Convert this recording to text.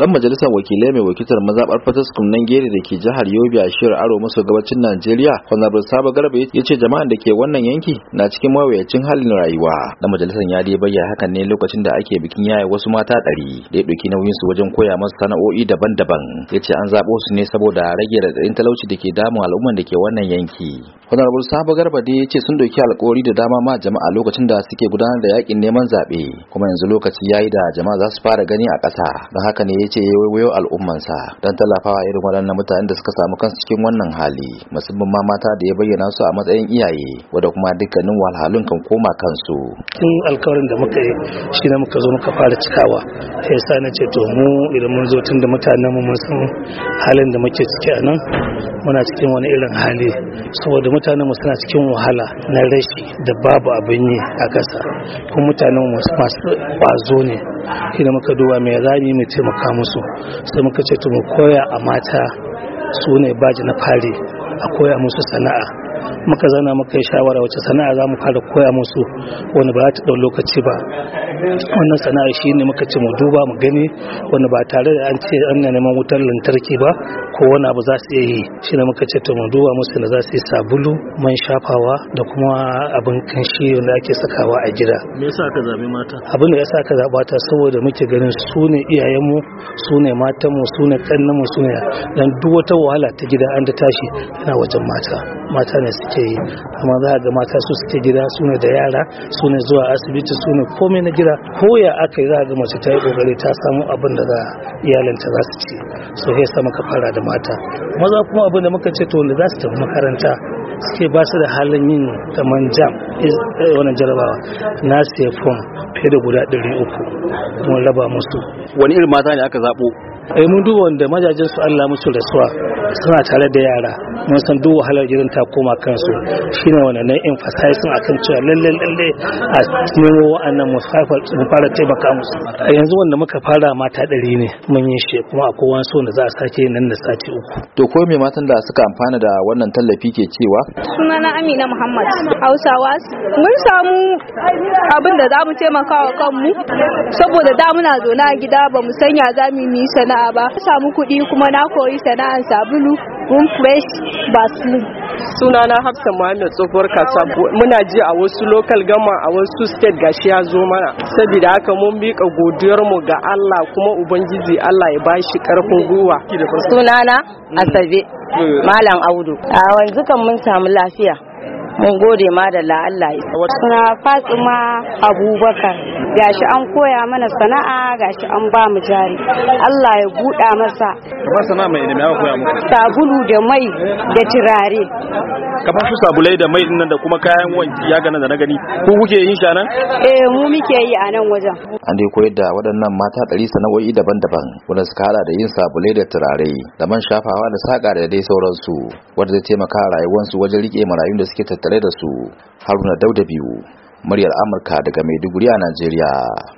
dan majalisar wakilai mai wakiltar mazabar fatas nan gere da ke jihar yobe a shirar aro maso gabacin najeriya honorable sabo garba ya ce jama'an da ke wannan yanki na cikin mawuyacin halin rayuwa dan majalisar ya dai bayyana hakan ne lokacin da ake bikin yaye wasu mata ɗari da ya ɗauki nauyin su wajen koya masu sana'o'i daban-daban ya ce an zaɓo su ne saboda rage raɗaɗin talauci da ke damun al'umman da ke wannan yanki honorable sabo garba dai ya ce sun ɗauki alƙawari da dama ma jama'a lokacin da suke gudanar da yakin neman zaɓe kuma yanzu lokaci yayi da jama'a za su fara gani a ƙasa don haka ne ya ce ya wayo al'ummansa don tallafawa irin waɗannan mutanen da suka samu kansu cikin wannan hali musamman ma mata da ya bayyana su a matsayin iyaye wadda kuma dukkanin walhalun kan koma kansu. Tun alkawarin da muka yi shi ne muka zo muka fara cikawa sai sa na ce to mu idan mun zo tun da mutanen mu mun san halin da muke ciki a nan muna cikin wani irin hali saboda mutanen mu suna cikin wahala na rashi da babu abin yi a ƙasa kuma mutanen mu masu ƙwazo ne idan muka duba mai yi mu taimaka musu sai muka ce mu koya a mata su ne baji na fari a koya musu sana'a muka zana muka yi shawara wace sana'a za mu fara koya musu wani ba za ta ɗau lokaci ba wannan sana'a shi ne muka ce mu duba mu gani wanda ba tare da an ce an neman wutar lantarki ba ko wani abu za su iya yi shi ne muka ce to mu duba musu da za su yi sabulu man shafawa da kuma abin kanshi wanda ake sakawa a gida me yasa ka zabi mata abin da yasa ka zaba ta saboda muke ganin su ne iyayenmu su ne matanmu su ne kannanmu su ne dan duk wata wahala ta gida an da tashi tana wajen mata mata ne suke yi amma za ga mata su suke gida su ne da yara su ne zuwa asibiti su ne komai na gida gida ko ya aka yi za ga mace ta yi kokari ta samu abin da za iyalinta za su ci so ya sa fara da mata maza kuma abin da muka ce to wanda za su tafi makaranta suke ba su da halin yin kaman jam Eh, wani jarabawa na sefon fiye da guda 300 mun raba musu wani irin mata ne aka zaɓo ai eh, mun duba wanda majajen su Allah musu rasuwa suna tare da yara mun san duk wahalar gidan ta koma kansu shine wannan nan emphasizing akan cewa lalle lalle a nemo wa'annan musafar fara taimaka musu yanzu wanda muka fara mata ɗari ne mun yi shi kuma kowa wasu wanda za a sake nan da sati uku to ko me matan da suka amfana da wannan tallafi ke cewa sunana Amina Muhammad Hausawa mun samu abin da zamu taimaka wa kanmu saboda da muna zona a gida ba mu sanya za mu yi sana'a ba mun samu kuɗi kuma na koyi sana'ar sabulu mun fresh Suna na hafsa muhammad tsohuwar kasa, muna ji a wasu lokal gama a wasu state gashi ya zo mana saboda haka mun miƙa godiyar mu ga Allah kuma ubangiji Allah ya bashi karfin gwiwa na asabe eh. malam audu a wanzu kan mun samu lafiya mun gode ma da la Allah ya suna Fatima Abubakar gashi an koya mana sana'a gashi an ba mu jari Allah ya buɗa masa kamar sana'a mai ne mai koya muku sabulu da mai da turare kamar su sabulai da mai dinnan da kuma kayan wanki ya gana da na gani ku kuke yin shi anan eh mu muke yi a nan wajen an dai koyar da waɗannan mata ɗari sana'o'i daban-daban wanda suka hada da yin sabulai da turare da man shafawa da saƙa da dai sauransu wanda zai taimaka rayuwarsu wajen rike marayun da suke tattalin. tare da su haruna dauda biyu muryar amurka daga maiduguri a najeriya